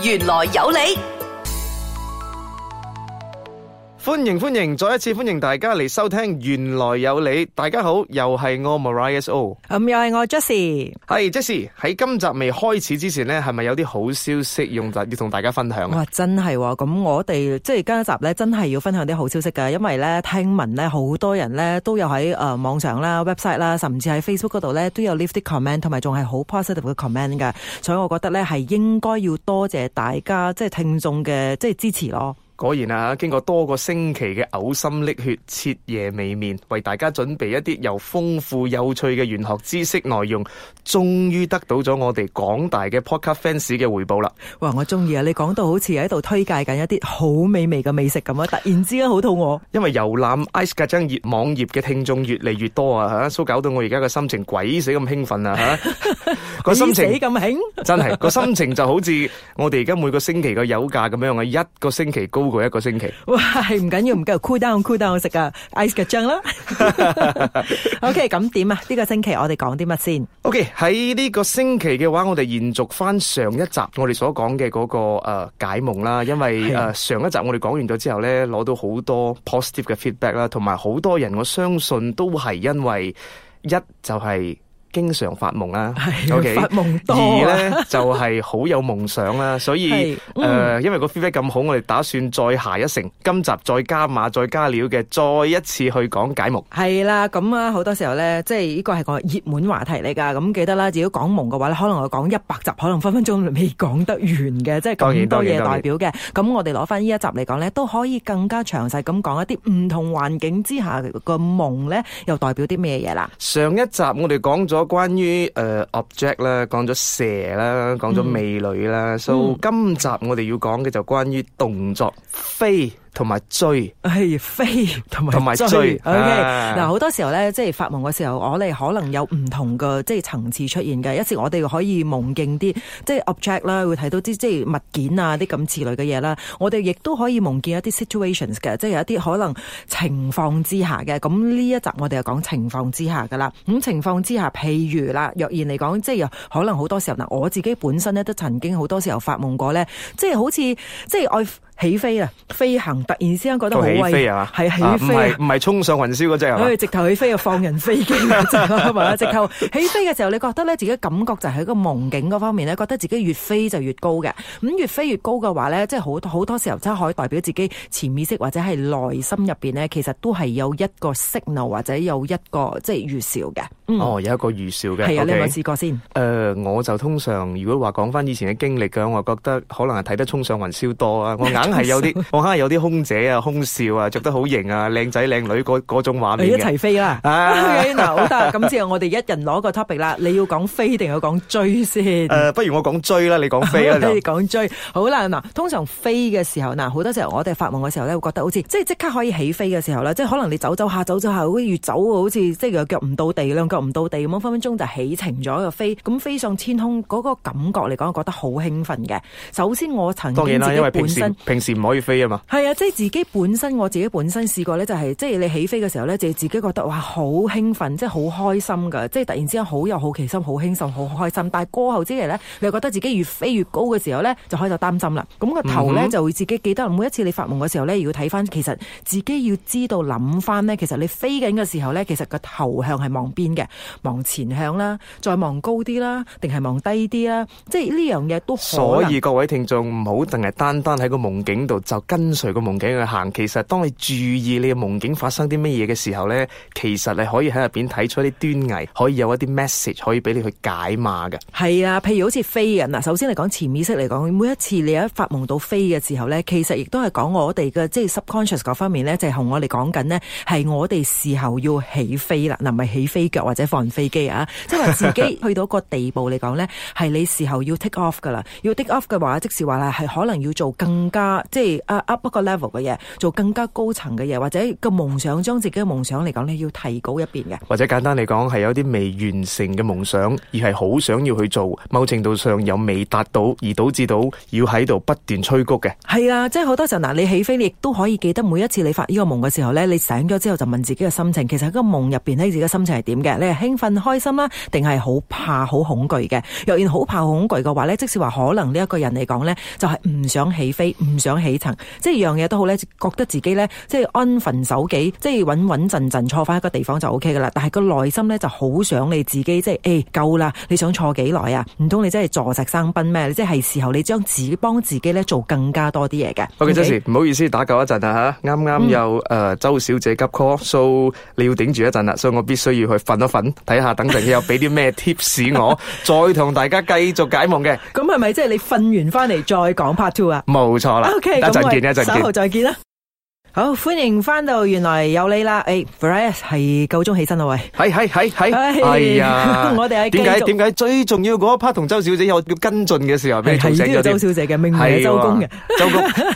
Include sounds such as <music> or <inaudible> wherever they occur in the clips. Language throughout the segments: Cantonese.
玄來有理。歡迎歡迎，再一次歡迎大家嚟收聽《玄來有理》。大家好，又係我 Maria So，咁、嗯、又係我 Jessie，係 Jessie。喺、hey，今集未開始之前呢，係咪有啲好消息用要同大家分享？哇，真係，咁、哦，我哋即係今集呢，真係要分享啲好消息噶。因為呢，聽聞呢，好多人呢，都有喺誒、呃、網上啦、website 啦，甚至喺 Facebook 嗰度呢，都有 leave 啲 comment，同埋仲係好 positive 嘅 comment 噶。所以我覺得呢，係應該要多謝大家即係聽眾嘅即係支持咯。果然啊，經過多個星期嘅嘔心瀝血、徹夜未眠，為大家準備一啲又豐富有趣嘅玄學知識內容，終於得到咗我哋廣大嘅 Podcast fans 嘅回報啦！哇，我中意啊！你講到好似喺度推介緊一啲好美味嘅美食咁啊！突然之間好肚餓，因為遊覽 Ice 嗰張網頁嘅聽眾越嚟越多啊，所以搞到我而家嘅心情鬼死咁興奮啊！吓，個心情咁興，真係個心情就好似我哋而家每個星期個油價咁樣啊，一個星期高，過一個星期，哇，係唔緊要，唔緊要，Cool down，Cool down，我食啊，ice gel 醬啦。OK，咁點啊？呢個星期我哋講啲乜先？OK，喺呢個星期嘅話，我哋延續返上一集我哋所講嘅嗰個誒解夢啦。因為誒上一集我哋講完咗之後咧，攞到好多 positive 嘅 feedback 啦，同埋好多人，我相信都係因為一就係。經常發夢啦，O K，發夢多，而咧就係好有夢想啦，所以誒，因為個 feedback 咁好，我哋打算再下一城，今集再加碼、再加料嘅，再一次去講解夢。係啦，咁啊，好多時候咧，即係呢個係個熱門話題嚟噶。咁記得啦，如果講夢嘅話咧，可能我講一百集，可能分分鐘未講得完嘅，即係咁多嘢代表嘅。咁我哋攞翻呢一集嚟講咧，都可以更加詳細咁講一啲唔同環境之下嘅夢咧，又代表啲咩嘢啦？上一集我哋講咗。關於誒，uh, object 啦，講咗蛇啦，講咗美女啦，嗯，So，今集我哋要講嘅就關於動作飛。同埋追，係飛、哎，同埋追。追 OK，嗱，好多時候咧，即係發夢嘅時候，我哋可能有唔同嘅即係層次出現嘅。一次我哋可以夢見啲即係 object 啦，會睇到啲即係物件啊啲咁之類嘅嘢啦。我哋亦都可以夢見一啲 situations 嘅，即係有一啲可能情況之下嘅。咁呢一集我哋就講情況之下噶啦。咁情況之下，譬如啦，若然嚟講，即係可能好多時候嗱，我自己本身咧都曾經好多時候發夢過咧，即係好似即係愛。就是起飛啊！飛行突然之間覺得好威啊！係起、啊、起飛，唔係唔係衝上雲霄嗰隻啊！我哋直頭起飛就放人飛機啦，真係咪啊！直頭起飛嘅時候，你覺得咧自己感覺就係一個夢境嗰方面咧，覺得自己越飛就越高嘅。咁越飛越高嘅話咧，即係好好多時候真係可以代表自己潛意識或者係內心入邊咧，其實都係有一個釋怒或者有一個即係、就是、越少嘅。哦，有一個預兆嘅，係啊，你有冇試過先？誒，我就通常如果話講返以前嘅經歷嘅，我覺得可能係睇得衝上雲霄多啊！我硬係有啲，我硬係有啲空姐啊、空少啊，著得好型啊、靚仔靚女嗰嗰種畫面。一齊飛啦！嗱，好啦，咁之後我哋一人攞個 topic 啦。你要講飛定要講追先？誒，不如我講追啦，你講飛啦。講追好啦！嗱，通常飛嘅時候，嗱，好多時候我哋發夢嘅時候咧，會覺得好似即係即刻可以起飛嘅時候啦，即係可能你走走下走走下，好似越走好似即係腳唔到地兩個。唔到地咁，分分鐘就起程咗一個飛，咁飛上天空嗰個感覺嚟講，我覺得好興奮嘅。首先我曾經，當然啦，因為本身平時唔可以飛啊嘛。係啊，即係自己本身，我自己本身試過呢、就是，就係即係你起飛嘅時候呢，就自，自己覺得哇好興奮，即係好開心噶，即係突然之間好有好奇心，好興奮，好開心。但係過後之嚟呢，你覺得自己越飛越高嘅時候呢，就開始擔心啦。咁個頭呢，就會自己、嗯、哼記得，每一次你發夢嘅時候呢要睇翻，其實自己要知道諗翻呢，其實你飛緊嘅時候呢，其實個頭向係望邊嘅？望前向啦，再望高啲啦，定係望低啲啦？即係呢樣嘢都可，所以各位聽眾唔好淨係單單喺個夢境度就跟隨個夢境去行。其實當你注意你嘅夢境發生啲乜嘢嘅時候呢，其實你可以喺入邊睇出啲端倪，可以有一啲 message 可以俾你去解碼嘅。係啊，譬如好似飛人啊。首先嚟講，潛意識嚟講，每一次你一發夢到飛嘅時候呢，其實亦都係講我哋嘅即係 subconscious 嗰方面呢，就係同我哋講緊呢，係我哋事後要起飛啦，嗱唔係起飛腳或者。或者放飛機啊，即係話自己去到個地步嚟講咧，係你時候要 take off 噶啦。要 take off 嘅話即係話係可能要做更加即係 up 個 level 嘅嘢，做更加高層嘅嘢，或者個夢想將自己嘅夢想嚟講咧，你要提高一邊嘅。或者簡單嚟講係有啲未完成嘅夢想，而係好想要去做，某程度上有未達到，而導致到要喺度不斷催谷嘅。係啊，即係好多時候嗱，你起飛你亦都可以記得每一次你發呢個夢嘅時候咧，你醒咗之後就問自己嘅心情。其實喺個夢入邊咧，自己嘅心情係點嘅？興奮開心啦、啊，定係好怕好恐懼嘅？若然好怕恐懼嘅話呢，即使話可能呢一個人嚟講呢，就係、是、唔想起飛，唔想起層，即係樣嘢都好呢，覺得自己呢，即係安分守己，即係穩穩陣陣坐翻一個地方就 O K 噶啦。但係個內心呢，就好想你自己，即係誒夠啦，你想坐幾耐啊？唔通你真係坐食山崩咩？即係時候你將自己幫自己呢做更加多啲嘢嘅。OK 記真事，唔好意思，打攪一陣啊吓，啱啱有誒、嗯呃、周小姐急 call，所、so, 以你要頂住一陣啦，所以我必須要去瞓睇下，等陣佢有俾啲咩 tips 我， <laughs> 再同大家繼續解夢嘅。咁係咪即係你瞓完翻嚟再講 part two 啊？冇錯啦，一陣 Okay, 見，見，一陣見，稍後再見啦。好，歡迎翻到原來有你啦！誒，Bryce 係夠鐘起身啦，喂！係係係係，係啊！我哋係點解點解最重要嗰一 part 同周小姐有要跟進嘅時候，俾你提醒咗周小姐嘅，明明係周公嘅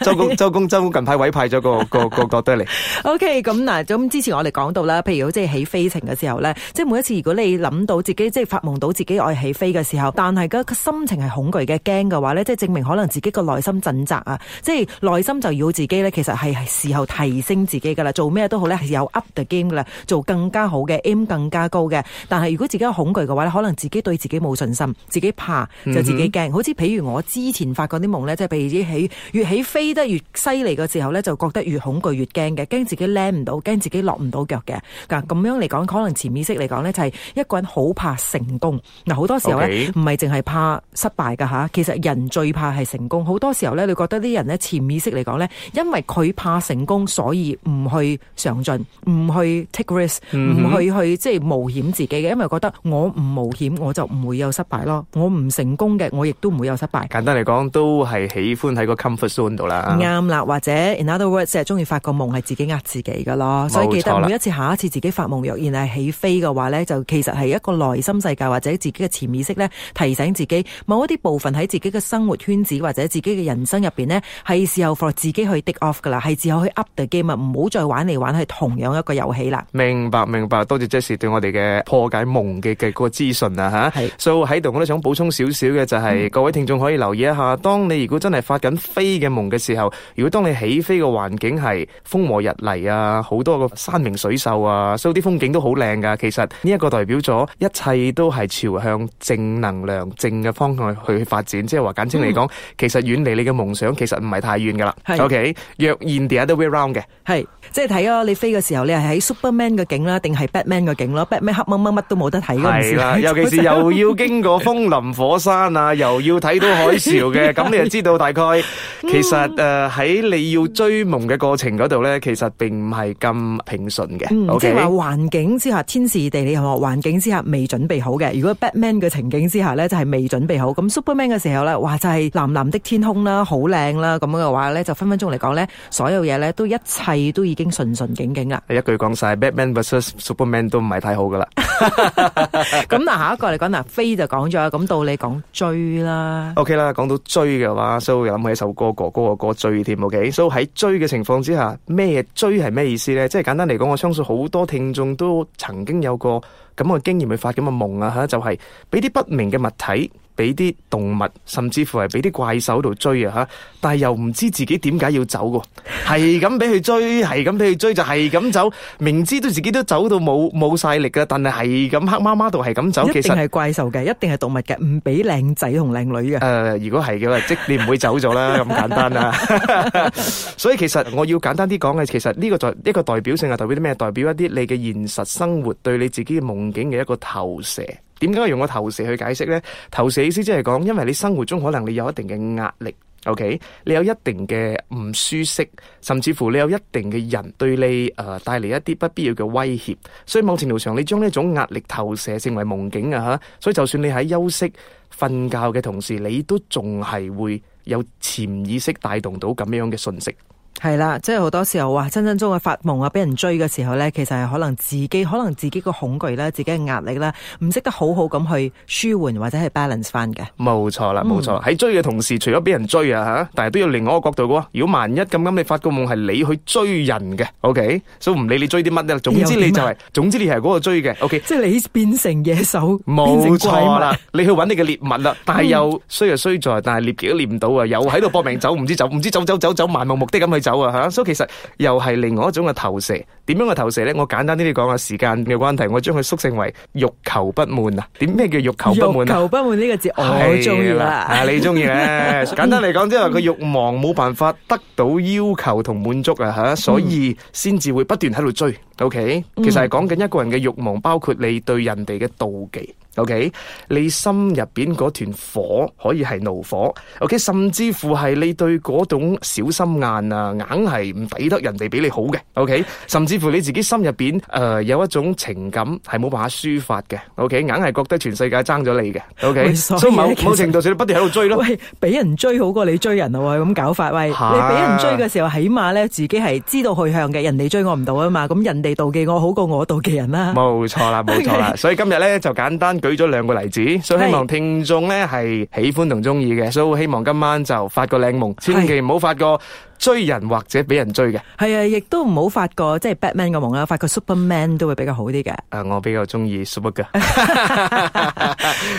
周公周公周公，近排委派咗個個個角色嚟。OK，咁嗱，咁之前我哋講到啦，譬如即係起飛程嘅時候咧，即係每一次如果你諗到自己即係發夢到自己愛起飛嘅時候，但係個個心情係恐懼嘅，驚嘅話咧，即係證明可能自己個內心掙扎啊，即係內心就要自己咧，其實係時候。提升自己噶啦，做咩都好咧，係有 up the game 噶啦，做更加好嘅，aim 更加高嘅。但係如果自己有恐懼嘅話咧，可能自己對自己冇信心，自己怕就自己驚。嗯、哼好似譬如我之前發過啲夢咧，即係譬如自己起越起飛得越犀利嘅時候咧，就覺得越恐懼越驚嘅，驚自己 land 唔到，驚自己落唔到腳嘅。嗱，咁樣嚟講，可能潛意識嚟講咧，就係、是、一個人好怕成功。嗱，好多時候咧，唔係淨係怕失敗噶吓，其實人最怕係成功。好多時候咧，你覺得啲人咧潛意識嚟講咧，因為佢怕成功。所以唔去上進，唔去 take risk，唔去去即係冒險自己嘅，因為覺得我唔冒險我就唔會有失敗咯。我唔成功嘅，我亦都唔會有失敗。失敗，簡單嚟講，都係喜歡喺個 comfort zone 度啦。啱啦，或者 in other words，即係中意發個夢係自己呃自己噶咯。所以記得每一次下一次自己發夢若然係起飛嘅話咧，就其實係一個內心世界或者自己嘅潛意識咧，提醒自己某一啲部分喺自己嘅生活圈子或者自己嘅人生入邊呢，係時候 for 自己去 dig off 噶啦，係時候去。update game 啊，唔好再玩嚟玩去，同樣一個遊戲啦。明白明白，多謝 Jesse 對我哋嘅破解夢嘅嘅個資訊啊吓。係，所以喺度我都想補充少少嘅，就係各位聽眾可以留意一下。當你如果真係發緊飛嘅夢嘅時候，如果當你起飛嘅環境係風和日麗啊，好多個山明水秀啊，所以啲風景都好靚噶。其實呢一個代表咗，一切都係朝向正能量、正嘅方向去發展。即係話簡稱嚟講，其實遠離你嘅夢想，其實唔係太遠噶啦。OK，若然點解都？around 嘅係，即係睇啊！你飛嘅時候，你係喺 Superman 嘅景啦，定係 Batman 嘅景咯？Batman 黑掹掹，乜都冇得睇。係啦，尤其是又要經過風林火山啊，又要睇到海嘯嘅，咁你就知道大概，其實誒喺你要追夢嘅過程嗰度咧，其實並唔係咁平順嘅。嗯，即係話環境之下，天時地利人和，環境之下未準備好嘅。如果 Batman 嘅情景之下咧，就係未準備好。咁 Superman 嘅時候咧，哇，就係藍藍的天空啦，好靚啦。咁樣嘅話咧，就分分鐘嚟講咧，所有嘢咧。都一切都已經順順景景啦！一句講晒，Batman vs Superman 都唔係太好噶啦。咁嗱，下一個嚟講嗱，飛就講咗，咁到你講追啦。OK 啦，講到追嘅話，所以我又諗起首歌哥哥個歌追添，OK。所以喺追嘅情況之下，咩追係咩意思咧？即係簡單嚟講，我相信好多聽眾都曾經有過咁嘅經驗去發咁嘅夢啊！嚇，就係俾啲不明嘅物體。俾啲動物，甚至乎係俾啲怪獸喺度追啊吓！但係又唔知自己點解要走嘅，係咁俾佢追，係咁俾佢追，就係咁走。明知都自己都走到冇冇晒力噶，但係係咁黑媽媽度係咁走。一定係怪獸嘅，一定係動物嘅，唔俾靚仔同靚女嘅。誒，如果係嘅話，即你唔會走咗啦，咁簡單啦。所以其實我要簡單啲講嘅，其實呢個代一個代表性係代表啲咩？代表一啲你嘅現實生活對你自己嘅夢境嘅一個投射。點解用個投射去解釋呢？投射意思即係講，因為你生活中可能你有一定嘅壓力，OK？你有一定嘅唔舒適，甚至乎你有一定嘅人對你誒帶嚟一啲不必要嘅威脅，所以某程度上你將呢種壓力投射成為夢境啊吓！所以就算你喺休息瞓覺嘅同時，你都仲係會有潛意識帶動到咁樣嘅信息。係啦，即係好多時候話真真中嘅發夢啊，俾人追嘅時候咧，其實係可能自己可能自己個恐懼咧，自己嘅壓力咧，唔識得好好咁去舒緩或者係 balance 翻嘅。冇錯啦，冇錯。喺追嘅同時，除咗俾人追啊吓，但係都有另外一個角度嘅。如果萬一咁啱你發個夢係你去追人嘅，OK，所以唔理你追啲乜啦，總之你就係總之你係嗰個追嘅，OK。即係你變成野獸，冇錯啦，你去搵你嘅獵物啦，但係又衰又衰在，但係獵極都獵唔到啊，又喺度搏命走，唔知走唔知走走走走，漫無目的咁去。走啊，吓！所以其實又係另外一種嘅投射。點樣嘅投射咧？我簡單啲嚟講啊，時間嘅關係，我將佢縮成為慾求不滿啊。點咩叫慾求不滿啊？慾求不滿呢個字我好中意啦，你中意咧？簡單嚟講，即係話佢慾望冇辦法得到要求同滿足啊，吓，所以先至會不斷喺度追。O K，其實係講緊一個人嘅慾望，包括你對人哋嘅妒忌。O K，你心入邊嗰團火可以係怒火。O K，甚至乎係你對嗰種小心眼啊，硬係唔抵得人哋俾你好嘅。O K，甚至乎你自己心入邊誒有一種情感係冇辦法抒發嘅。O K，硬係覺得全世界爭咗你嘅。O K，所以某程度上你不斷喺度追咯。喂，俾人追好過你追人啊！咁搞法，喂，你俾人追嘅時候，起碼咧，自己係知道去向嘅，人哋追我唔到啊嘛。咁人。你妒忌我好過我妒忌人啦，冇錯啦，冇錯啦，所以今日呢，就簡單舉咗兩個例子，所以希望聽眾呢係是喜歡同鍾意嘅，所以希望今晚就發個靚夢，千祈唔好發個。追人或者俾人追嘅，係啊，亦都唔好發個即係 Batman 嘅夢啊，發個 Superman 都會比較好啲嘅。誒、啊，我比較中意 Super 嘅。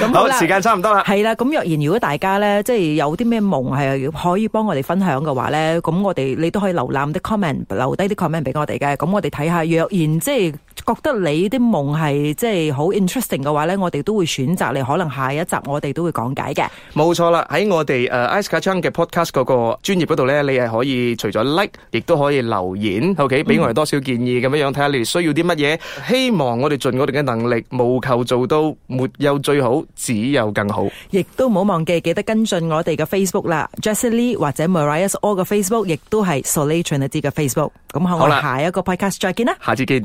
咁好，時間差唔多啦。係啦、啊，咁若然如果大家咧，即係有啲咩夢係可以幫我哋分享嘅話咧，咁我哋你都可以瀏覽啲 comment，留低啲 comment 俾我哋嘅。咁我哋睇下若然即係。覺得你啲夢係即係好 interesting 嘅話咧，我哋都會選擇你，可能下一集我哋都會講解嘅。冇錯啦，喺我哋誒 e s k a t a n 嘅 podcast 嗰個專業嗰度咧，你係可以除咗 like，亦都可以留言，OK，俾、嗯、我哋多少建議咁樣樣，睇下你哋需要啲乜嘢。希望我哋盡我哋嘅能力，務求做到沒有最好，只有更好。亦都唔好忘記記得跟進我哋嘅 Facebook 啦 Jesse Lee 或者 m a r、oh、i a u s All 嘅 Facebook，亦都係 Solution 嘅 Facebook。咁好啦，下一個 podcast 再見啦，下次見。